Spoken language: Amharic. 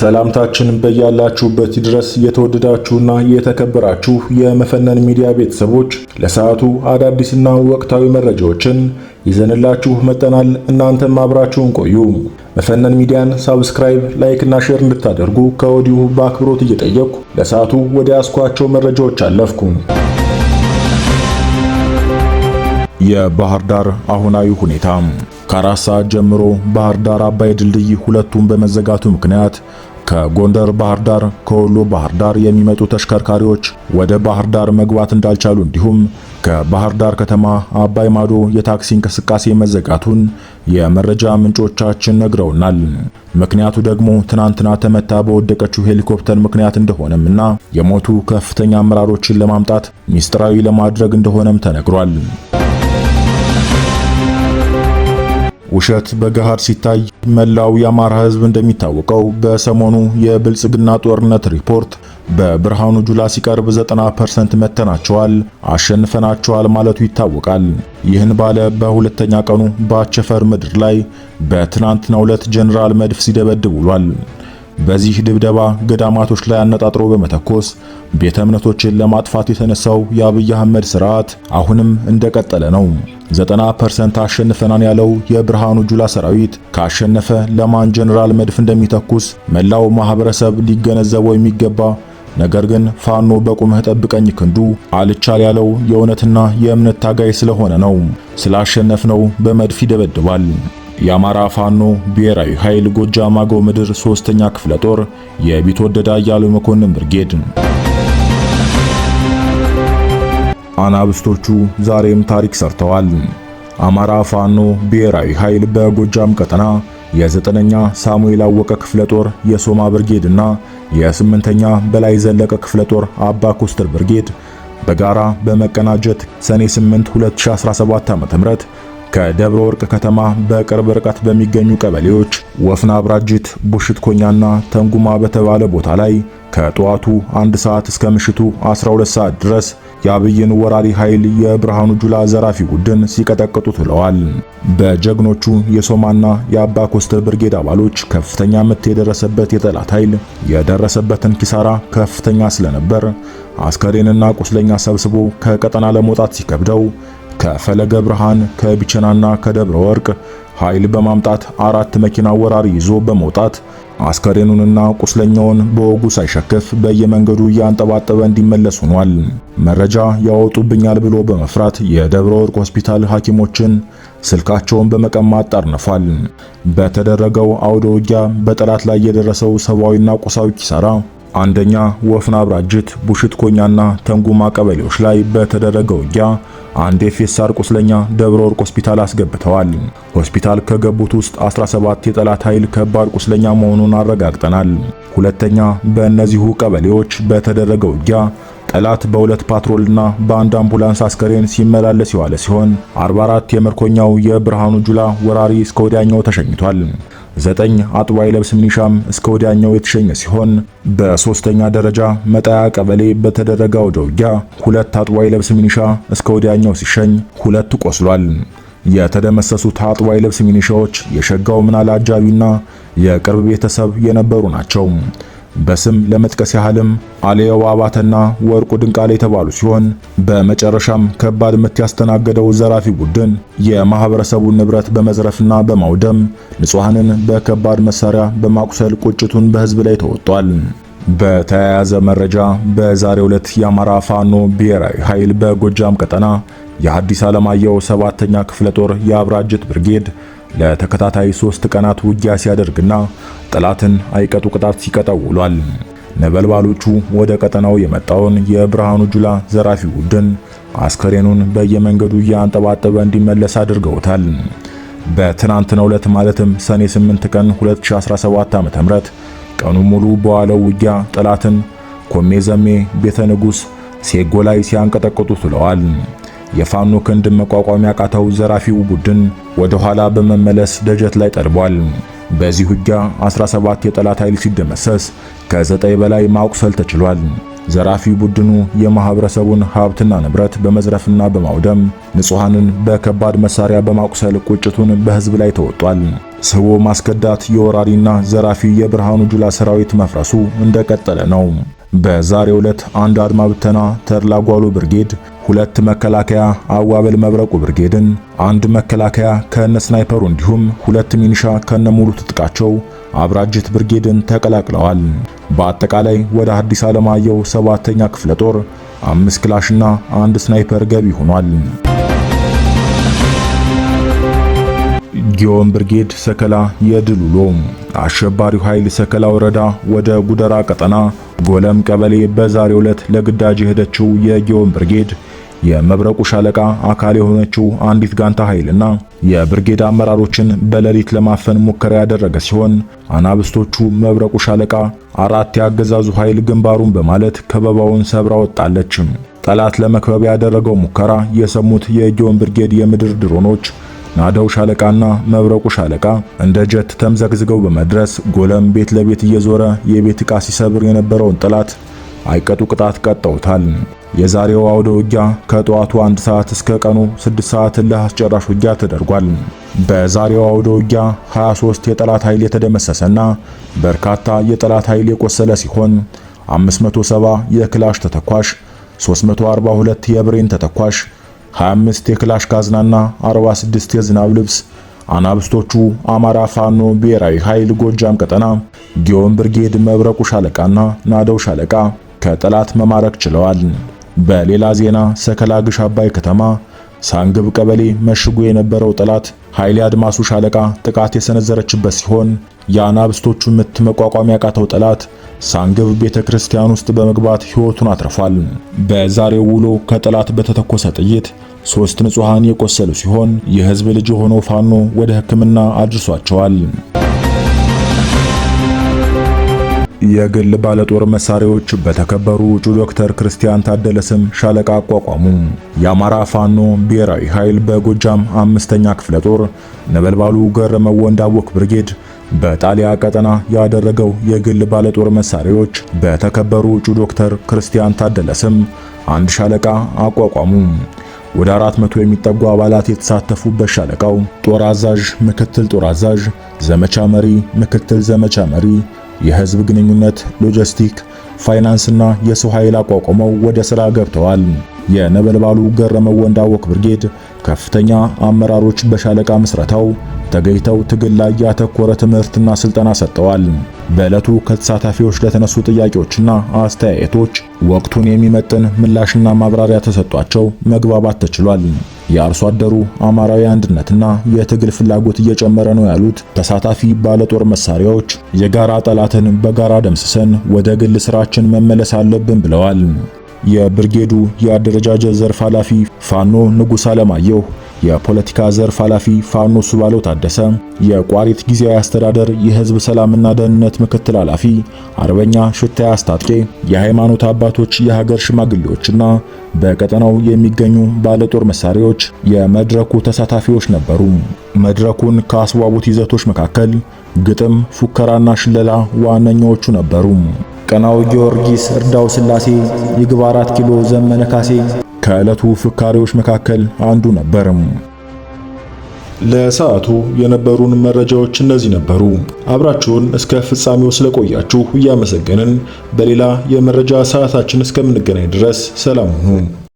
ሰላምታችን በያላችሁበት ድረስ የተወደዳችሁና የተከበራችሁ የመፈነን ሚዲያ ቤተሰቦች ለሰዓቱ አዳዲስና ወቅታዊ መረጃዎችን ይዘንላችሁ መጠናል። እናንተም አብራችሁን ቆዩ። መፈነን ሚዲያን ሳብስክራይብ፣ ላይክ እና ሼር እንድታደርጉ ከወዲሁ በአክብሮት እየጠየቅኩ ለሰዓቱ ወደ ያስኳቸው መረጃዎች አለፍኩ። የባህር ዳር አሁናዊ ሁኔታ ከአራት ሰዓት ጀምሮ ባህር ዳር አባይ ድልድይ ሁለቱም በመዘጋቱ ምክንያት ከጎንደር ባህር ዳር፣ ከወሎ ባህር ዳር የሚመጡ ተሽከርካሪዎች ወደ ባህር ዳር መግባት እንዳልቻሉ እንዲሁም ከባህር ዳር ከተማ አባይ ማዶ የታክሲ እንቅስቃሴ መዘጋቱን የመረጃ ምንጮቻችን ነግረውናል። ምክንያቱ ደግሞ ትናንትና ተመታ በወደቀችው ሄሊኮፕተር ምክንያት እንደሆነም እና የሞቱ ከፍተኛ አመራሮችን ለማምጣት ሚስጥራዊ ለማድረግ እንደሆነም ተነግሯል። ውሸት በገሃድ ሲታይ መላው የአማራ ህዝብ እንደሚታወቀው በሰሞኑ የብልጽግና ጦርነት ሪፖርት በብርሃኑ ጁላ ሲቀርብ 90% መተናቸዋል፣ አሸንፈናቸዋል ማለቱ ይታወቃል። ይህን ባለ በሁለተኛ ቀኑ በአቸፈር ምድር ላይ በትናንትናው ዕለት ጀነራል መድፍ ሲደበድብ ውሏል። በዚህ ድብደባ ገዳማቶች ላይ አነጣጥሮ በመተኮስ ቤተ እምነቶችን ለማጥፋት የተነሳው የአብይ አህመድ ስርዓት አሁንም እንደቀጠለ ነው። ዘጠና ፐርሰንት አሸንፈናን ያለው የብርሃኑ ጁላ ሰራዊት ካሸነፈ ለማን ጀነራል መድፍ እንደሚተኩስ መላው ማህበረሰብ ሊገነዘበው የሚገባ ነገር ግን ፋኖ በቁምህ ጠብቀኝ ክንዱ አልቻል ያለው የእውነትና የእምነት ታጋይ ስለሆነ ነው። ስላሸነፍነው በመድፍ ይደበድባል። የአማራ ፋኖ ብሔራዊ ኃይል ጎጃም አገው ምድር ሶስተኛ ክፍለ ጦር የቢትወደዳ እያሉ መኮንን ብርጌድ አናብስቶቹ ዛሬም ታሪክ ሰርተዋል። አማራ ፋኖ ብሔራዊ ኃይል በጎጃም ቀጠና የዘጠነኛ ሳሙኤል አወቀ ክፍለ ጦር የሶማ ብርጌድና የስምንተኛ በላይ ዘለቀ ክፍለ ጦር አባ ኮስተር ብርጌድ በጋራ በመቀናጀት ሰኔ 8 2017 ዓ.ም ከደብረ ወርቅ ከተማ በቅርብ ርቀት በሚገኙ ቀበሌዎች ወፍና ብራጅት፣ ቡሽት ኮኛና ተንጉማ በተባለ ቦታ ላይ ከጠዋቱ 1 ሰዓት እስከ ምሽቱ 12 ሰዓት ድረስ የአብይን ወራሪ ኃይል የብርሃኑ ጁላ ዘራፊ ቡድን ሲቀጠቅጡ ትለዋል። በጀግኖቹ የሶማና የአባ ኮስተር ብርጌድ አባሎች ከፍተኛ ምት የደረሰበት የጠላት ኃይል የደረሰበትን ኪሳራ ከፍተኛ ስለነበር አስከሬንና ቁስለኛ ሰብስቦ ከቀጠና ለመውጣት ሲከብደው ከፈለገ ብርሃን ከቢቸናና ከደብረ ወርቅ ኃይል በማምጣት አራት መኪና ወራሪ ይዞ በመውጣት አስከሬኑንና ቁስለኛውን በወጉ ሳይሸክፍ በየመንገዱ እያንጠባጠበ እንዲመለስ ሆኗል። መረጃ ያወጡብኛል ብሎ በመፍራት የደብረ ወርቅ ሆስፒታል ሐኪሞችን ስልካቸውን በመቀማት ጠርንፏል። በተደረገው አውደ ውጊያ በጠላት ላይ የደረሰው ሰብአዊና ቁሳዊ ኪሳራ አንደኛ ወፍና አብራጅት፣ ቡሽት ኮኛና ተንጉማ ቀበሌዎች ላይ በተደረገው ውጊያ አንድ የፌሳር ቁስለኛ ደብረ ወርቅ ሆስፒታል አስገብተዋል። ሆስፒታል ከገቡት ውስጥ 17 የጠላት ኃይል ከባድ ቁስለኛ መሆኑን አረጋግጠናል። ሁለተኛ በእነዚሁ ቀበሌዎች በተደረገው ውጊያ ጠላት በሁለት ፓትሮልና በአንድ አምቡላንስ አስከሬን ሲመላለስ የዋለ ሲሆን 44 የምርኮኛው የብርሃኑ ጁላ ወራሪ እስከ ወዲያኛው ተሸኝቷል። ዘጠኝ አጥዋይ ይለብስ ሚኒሻም እስከ ወዲያኛው የተሸኘ ሲሆን በሶስተኛ ደረጃ መጣያ ቀበሌ በተደረገ አውደ ውጊያ ሁለት አጥዋይ ይለብስ ሚኒሻ እስከ ወዲያኛው ሲሸኝ ሁለት ቆስሏል። የተደመሰሱት አጥዋ ይለብስ ሚኒሻዎች የሸጋው ምናለ አጃቢና የቅርብ ቤተሰብ የነበሩ ናቸው። በስም ለመጥቀስ ያህልም አለየው አባተና ወርቁ ድንቃሌ የተባሉ ሲሆን በመጨረሻም ከባድ ምት ያስተናገደው ዘራፊ ቡድን የማህበረሰቡን ንብረት በመዝረፍና በማውደም ንጹሐንን በከባድ መሳሪያ በማቁሰል ቁጭቱን በህዝብ ላይ ተወጧል። በተያያዘ መረጃ በዛሬው ዕለት የአማራ ፋኖ ብሔራዊ ኃይል በጎጃም ቀጠና የሐዲስ ዓለማየሁ ሰባተኛ ክፍለ ጦር የአብራጅት ብርጌድ ለተከታታይ ሶስት ቀናት ውጊያ ሲያደርግና ጠላትን አይቀጡ ቅጣት ሲቀጣው ውሏል። ነበልባሎቹ ወደ ቀጠናው የመጣውን የብርሃኑ ጁላ ዘራፊ ቡድን አስከሬኑን በየመንገዱ እያንጠባጠበ እንዲመለስ አድርገውታል። በትናንትናው ዕለት ማለትም ሰኔ 8 ቀን 2017 ዓ.ም ቀኑ ሙሉ በዋለው ውጊያ ጠላትን ኮሜ ዘሜ ቤተ ንጉሥ ሴጎ ላይ ሲያንቀጠቅጡ ውለዋል። የፋኖ ክንድ መቋቋም ያቃተው ዘራፊው ቡድን ወደ ኋላ በመመለስ ደጀት ላይ ጠርቧል። በዚህ ውጊያ 17 የጠላት ኃይል ሲደመሰስ ከዘጠኝ በላይ ማቁሰል ተችሏል። ዘራፊ ቡድኑ የማህበረሰቡን ሀብትና ንብረት በመዝረፍና በማውደም ንጹሃንን በከባድ መሳሪያ በማቁሰል ቁጭቱን በህዝብ ላይ ተወጧል። ስቦ ማስከዳት የወራሪና ዘራፊ የብርሃኑ ጁላ ሰራዊት መፍረሱ እንደቀጠለ ነው። በዛሬው ዕለት አንድ አድማ ብተና ተድላጓሉ ብርጌድ፣ ሁለት መከላከያ አዋበል መብረቁ ብርጌድን፣ አንድ መከላከያ ከነ ስናይፐሩ እንዲሁም ሁለት ሚኒሻ ከነ ሙሉ ትጥቃቸው አብራጅት ብርጌድን ተቀላቅለዋል። በአጠቃላይ ወደ ሐዲስ ዓለማየሁ ሰባተኛ ክፍለ ጦር አምስት ክላሽና አንድ ስናይፐር ገቢ ሆኗል። ጊዮን ብርጌድ ሰከላ የድሉሎ አሸባሪው ኃይል ሰከላ ወረዳ ወደ ጉደራ ቀጠና ጎለም ቀበሌ በዛሬው ዕለት ለግዳጅ የሄደችው የጊዮን ብርጌድ የመብረቁ ሻለቃ አካል የሆነችው አንዲት ጋንታ ኃይልና የብርጌድ አመራሮችን በሌሊት ለማፈን ሙከራ ያደረገ ሲሆን አናብስቶቹ መብረቁ ሻለቃ አራት ያገዛዙ ኃይል ግንባሩን በማለት ከበባውን ሰብራ ወጣለች። ጠላት ለመክበብ ያደረገው ሙከራ የሰሙት የጊዮን ብርጌድ የምድር ድሮኖች ናዳው ሻለቃና መብረቁ ሻለቃ እንደ ጀት ተምዘግዝገው በመድረስ ጎለም ቤት ለቤት እየዞረ የቤት ዕቃ ሲሰብር የነበረውን ጠላት አይቀጡ ቅጣት ቀጠውታል። የዛሬው አውደ ውጊያ ከጠዋቱ አንድ ሰዓት እስከ ቀኑ 6 ሰዓት እልህ አስጨራሽ ውጊያ ተደርጓል። በዛሬው አውደ ውጊያ 23 የጠላት ኃይል የተደመሰሰና በርካታ የጠላት ኃይል የቆሰለ ሲሆን 570 የክላሽ ተተኳሽ፣ 342 የብሬን ተተኳሽ 25 የክላሽ ካዝናና 46 የዝናብ ልብስ አናብስቶቹ አማራ ፋኖ ብሔራዊ ኃይል ጎጃም ቀጠና ጊዮን ብርጌድ መብረቁ ሻለቃና ናደው ሻለቃ ከጠላት መማረክ ችለዋል። በሌላ ዜና ሰከላ ግሽ አባይ ከተማ ሳንግብ ቀበሌ መሽጎ የነበረው ጠላት ኃይሌ አድማሱ ሻለቃ ጥቃት የሰነዘረችበት ሲሆን የአናብስቶቹን ምት መቋቋም ያቃተው ጠላት ሳንግብ ቤተ ክርስቲያን ውስጥ በመግባት ሕይወቱን አትርፏል። በዛሬው ውሎ ከጠላት በተተኮሰ ጥይት ሶስት ንጹሃን የቆሰሉ ሲሆን የህዝብ ልጅ የሆነው ፋኖ ወደ ሕክምና አድርሷቸዋል። የግል ባለጦር መሳሪያዎች በተከበሩ እጩ ዶክተር ክርስቲያን ታደለ ስም ሻለቃ አቋቋሙ። የአማራ ፋኖ ብሔራዊ ኃይል በጎጃም አምስተኛ ክፍለ ጦር ነበልባሉ ገረመው ወንዳወቅ ብርጌድ በጣሊያ ቀጠና ያደረገው የግል ባለጦር መሳሪያዎች በተከበሩ እጩ ዶክተር ክርስቲያን ታደለ ስም አንድ ሻለቃ አቋቋሙ። ወደ 400 የሚጠጉ አባላት የተሳተፉበት ሻለቃው ጦር አዛዥ፣ ምክትል ጦር አዛዥ፣ ዘመቻ መሪ፣ ምክትል ዘመቻ መሪ፣ የህዝብ ግንኙነት፣ ሎጂስቲክ፣ ፋይናንስና የሰው ኃይል አቋቁመው ወደ ሥራ ገብተዋል። የነበልባሉ ገረመው ወንዳወቅ ብርጌድ ከፍተኛ አመራሮች በሻለቃ ምስረታው ተገኝተው ትግል ላይ ያተኮረ ትምህርትና ስልጠና ሰጥተዋል። በዕለቱ ከተሳታፊዎች ለተነሱ ጥያቄዎችና አስተያየቶች ወቅቱን የሚመጥን ምላሽና ማብራሪያ ተሰጧቸው መግባባት ተችሏል። የአርሶ አደሩ አማራዊ አንድነትና የትግል ፍላጎት እየጨመረ ነው ያሉት ተሳታፊ ባለጦር መሳሪያዎች የጋራ ጠላትን በጋራ ደምስሰን ወደ ግል ስራችን መመለስ አለብን ብለዋል። የብርጌዱ የአደረጃጀት ዘርፍ ኃላፊ ፋኖ ንጉሥ አለማየሁ የፖለቲካ ዘርፍ ኃላፊ ፋኖ ሱባለው ታደሰ፣ የቋሪት ጊዜያዊ አስተዳደር የህዝብ ሰላምና ደህንነት ምክትል ኃላፊ አርበኛ ሽታ አስታጥቄ፣ የሃይማኖት አባቶች፣ የሀገር ሽማግሌዎችና በቀጠናው የሚገኙ ባለጦር መሳሪያዎች የመድረኩ ተሳታፊዎች ነበሩ። መድረኩን ካስዋቡት ይዘቶች መካከል ግጥም፣ ፉከራና ሽለላ ዋነኛዎቹ ነበሩ። ቀናው ጊዮርጊስ፣ እርዳው ስላሴ፣ ይግባራት ኪሎ፣ ዘመነ ካሴ ከዕለቱ ፍካሪዎች መካከል አንዱ ነበርም። ለሰዓቱ የነበሩን መረጃዎች እነዚህ ነበሩ። አብራችሁን እስከ ፍጻሜው ስለቆያችሁ እያመሰገንን በሌላ የመረጃ ሰዓታችን እስከምንገናኝ ድረስ ሰላም ሁኑ።